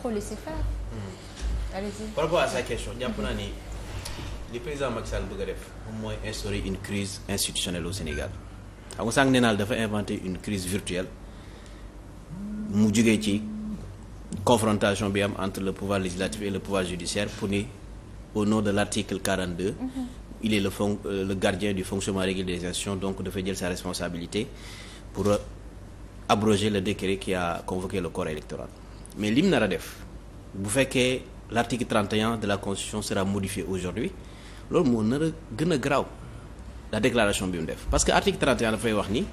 trop hmm. par rapport à sa question jàpp naa ni li président Macky Sall bëgg a def mooy instaurer une crise institutionnelle au Sénégal xam nga sànq nee naa dafa inventer une crise virtuelle mu jugee ci confrontation bi am entre le pouvoir législatif et le pouvoir judiciaire pour ni au nom de l'article 42. Mhm. il est le fon euh, le gardien du fonctionnement régulier des institutions donc dafay jël sa responsabilité pour abroger le décret qui a convoqué le corps électoral. mais lim nar a def bu fekkee l' article 31 de la constitution sera modifié aujourd'hui loolu moo nar a gën a graaw la déclaration bi mu def parce que article 31 dafay wax ni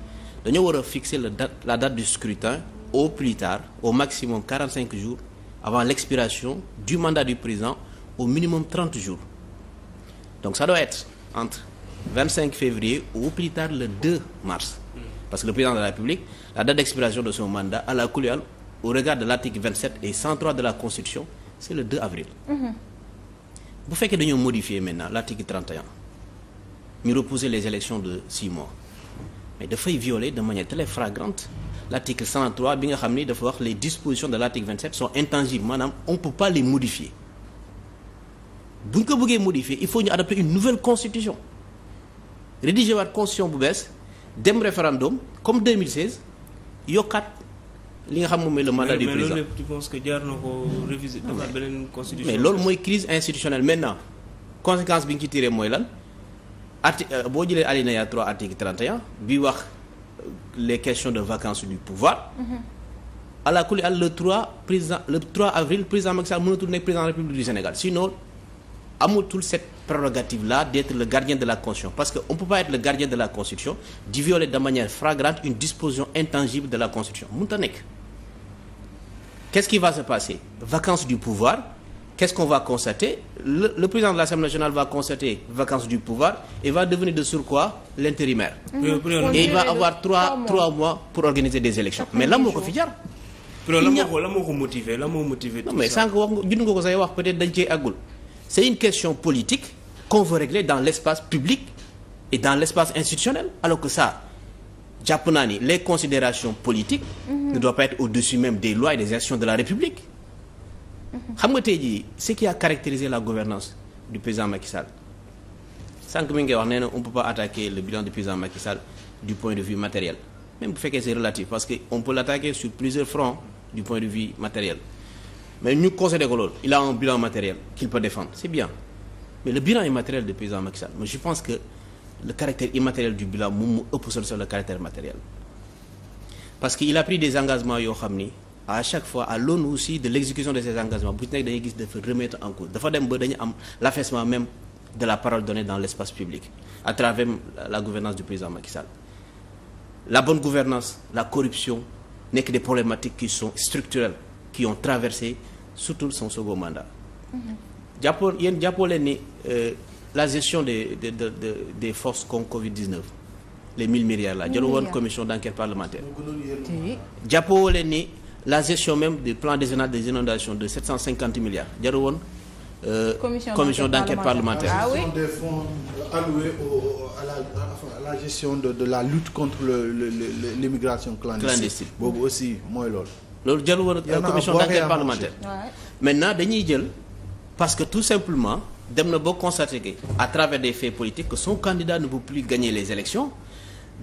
dañoo war a fixer la date du scrutin au plus tard au maximum 45 jours avant l'expiration du mandat du président au minimum 30 jours donc ça doit être entre février au plus tard le 2 mars parce que le président de la République la date d'expiration de son mandat à la kuliyal au regard de l'article 27 et 103 de la Constitution c'est le 2 avril mhm. bu fekkee dañoo modifier maintenant l'article 31 ñu repousser les élections de 6 mois mais dafay violer de manière très flagrante l'article 103 bi nga xam ni dafa wax les dispositions de l'article 27 sont intangibles maanaam on peut pas les modifier bu ñu ko bëggee modifier il faut ñu adopter une nouvelle constitution rédiger waat constitution bu bees dem référendum comme 2016 yokkaat li nga xam moom mooy le mandat du président mais que jaar loolu mooy crise institutionnelle maintenant conséquence bi nga ci tiré mooy lan article euh, boo jëlee alinéa 3 article 31 bi wax euh, les questions de vacances du pouvoir. Mm-hmm. ala kulli le 3 avril président Macky mënatul nekk président de la République du Sénégal sinon amatul cette prérogative là d'être le gardien de la constitution parce que on peut pas être le gardien de la constitution di violer de manière flagrante a nekk. qu'est-ce qui va se passer vacances du pouvoir qu'est-ce qu'on va constater le, le président de l'Assemblée nationale va constater vacances du pouvoir et va devenir de surcroît l'intérimaire mmh. et il va avoir trois trois mois pour organiser des élections mais lan moo ko fi jar lan moo ko motiver lan moo motiver non mais sànq wax nga junn ko say wax peut-être dañ cee àggul question politique qu'on veut régler dans l'espace public et dans l'espace institutionnel alors que ça jàpp naa ni les considérations politiques mmh. ne doivent pas être au-dessus même des lois et des actions de la République mhm. xam nga tey ji ce qui a caractérisé la gouvernance du président Macky Sall sànq mi ngi wax nee na on peut pas attaquer le bilan du président Macky Sall du point de vue matériel même bu fekkee c'est relatif parce que on peut l'attaquer sur plusieurs fronts du point de vue matériel mais ñu concédé ko loolu il a un bilan matériel qu'il peut défendre c'est bien que le caractère immatériel du bilan moom mu ëpp solo le caractère matériel parce que il a pris des engagements yoo xam ni à chaque fois à l'aune aussi de l'exécution de ces engagements bu nekk dañuy gis dafa remettre en cause dafa dem ba dañu am l'affaissement même de la parole donnée dans l'espace public à travers la gouvernance du président Macky la bonne gouvernance la corruption nekk des problématiques qui sont structurelles qui ont traversé surtout son second mandat mm-hmm. jàppoon la gestion des des de, de, des forces comme Covid-19 les milliards là jëlu woon commission d'enquête parlementaire jàppoo leen ni la gestion même du plan décennal des inondations de 750 milliards jaru woon Euh, commission d'enquête parlementaire ah oui des fonds alloués au, à, la, à la gestion de de la lutte contre le, le, le l'immigration clandestine boobu aussi mooy lool loolu jël commission d'enquête parlementaire maintenant dañuy jël parce que tout simplement dem na ba constater que à travers des faits politiques que son candidat ne peut plus gagner les élections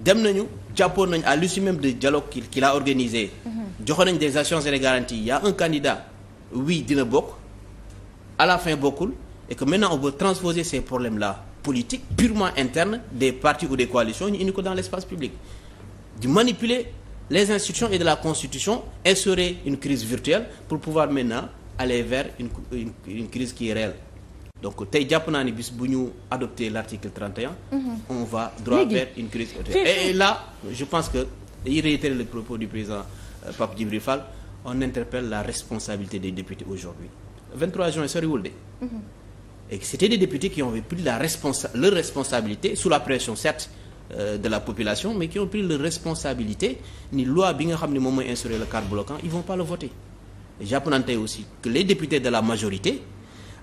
dem nañu jàppoon nañu à l'issue même de dialogue qu'il a organisé mhm. joxo nañ des assurances et des garanties il y a un candidat oui dina bokk à la fin bokkul et que na on veut transposer ces problèmes là politiques purement internes des partis ou des coalitions ñu indi ko dans l'espace public di manipuler les institutions et de la constitution instaurer une crise virtuelle pour pouvoir maintenant aller vers une, une, une crise qui réelle donc tey jàpp naa ni bis bu ñu adopté l'article 31 mhm. on va droit vers une crise et là je pense que dañuy réitérer le propos du président euh, Pape Djibril on interpelle la responsabilité des députés aujourd'hui 23 juin soriwul de mhm. et c'était des députés qui ont pris la responsa leur responsabilité sous la pression certes euh, de la population mais qui ont pris leur responsabilité ni loi bi nga xam ne moom mooy instaurer le cadre bloquant ils vont pas le voter jàpp tey aussi les députés de la majorité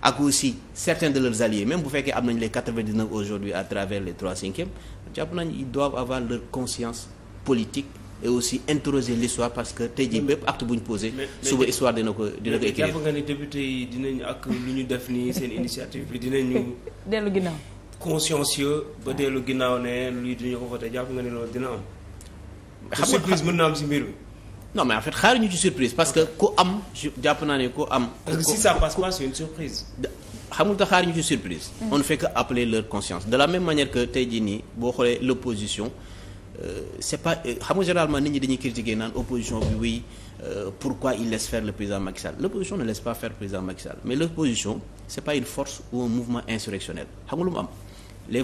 ak aussi certains de leurs alliés même bu fekkee am nañ les quatre-vingt-dix-neuf aujourd'hui à travers les trois cinquièmes jàpp nañ ils doivent avoir leur conscience politique et aussi interroger l'histoire parce que tey jii bépp acte bu ñu posé. suba histoire dina ko dina ko écrire. jàpp nga ni ak lu ñu def nii seen initiative bi dinañu. dellu ginnaaw. consciencieux ba dellu ginnaaw ne lii duñu ko voté jàpp nga ni loolu dina am. xam nga surprise mën na am si mbir no mais en fait xaaruñu ci surprise parce que ku am jàpp naa ne ku am. parce que si ça passe pas c'est ci surprise. Mm. on ne fait appeler leur conscience de la même manière que tey jii nii boo xoolee l'opposition euh, c'est pas euh, xam nga généralement nit ñi dañuy critiquer naan opposition bi oui euh, pourquoi il laisse faire le président Macky l'opposition ne laisse pas faire le président Macky Sall mais l'opposition c'est pas une force ou un mouvement insurrectionnel xam nga lu mu am les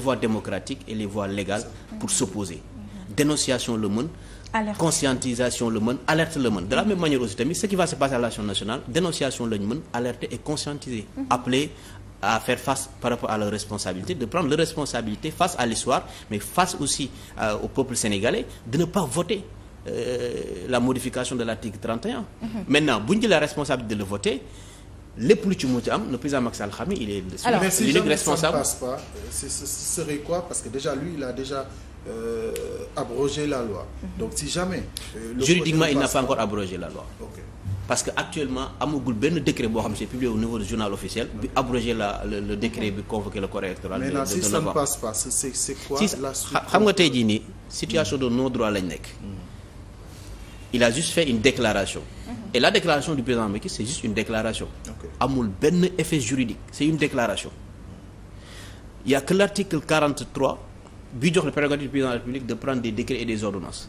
alerte conscientisation la mën alerte la mën de la même manière aussi tamit ce qui va se passer à l'action nationale dénonciation la ñu mën alerter et conscientiser. Mhm. appeler à faire face par rapport à leur responsabilité de prendre leur responsabilité face à l'histoire mais face aussi euh, au peuple sénégalais de ne pas voter euh, la modification de l'article 31. Mm maintenant bu ñu jëlee la responsabilité de le voter lépp lu ci mu ci am le président Macky Sall xam il est. alors euh, abroger la mhm. donc si jamais. Euh, juridiquement il n'a pas encore abrogé la loi. Okay. parce que actuellement amagul benn décret boo xam ne c'est publié au niveau du journal officiel. bi abroger la le, le décret bi convoqué le corps électoral. de la si ça xam nga tey jii ni situation de non droit lañ nekk. Mm. il a juste fait une déclaration. Mm-hmm. et la déclaration du président Macky c'est juste une déclaration. amul benn effet juridique c'est une déclaration. il l'article bi jox le prérogative président de la République de prendre des décrets et des ordonnances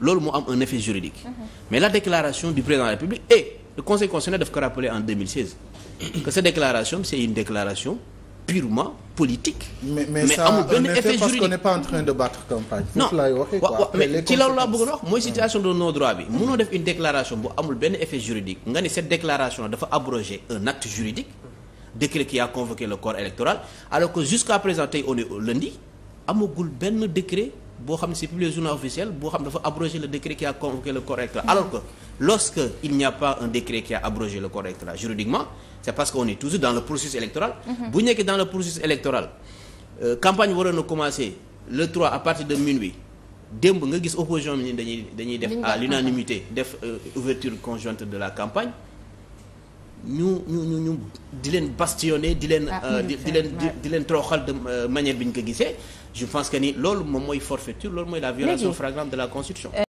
loolu moo am un effet juridique. Mhm. mais la déclaration du président de la République et le conseil constitutionnel daf ko rappeler en 2016 que cette déclaration c'est une déclaration purement politique. mais amul benn effet juridique parce ci loolu laa bëgg a wax mooy situation de nos droits bi. mënoo def une déclaration bu amul benn effet juridique nga ni cette déclaration dafa abroger un acte juridique amagul benn décret boo xam ne c'est publié journal officiel boo xam dafa abroger le décret qui a convoqué le corps électoral alors que lorsque il n'y a pas un décret qui a abrogé le corps électoral juridiquement c'est parce qu'on est toujours dans le processus électoral mhm. bu nekkee dans le processus électoral euh, campagne waroon na commencer le trois à partir de minuit démb nga gis opposition bi ni dañuy dañuy def à l'unanimité def euh, ouverture conjointe de la campagne ñu ñu ñu di leen bastionner di leen ah, euh, di leen di leen toroxal de manière bi ñu ko gisee je pense que ni loolu moom mooy forfaiture loolu mooy la violation flagrante de la constitution euh,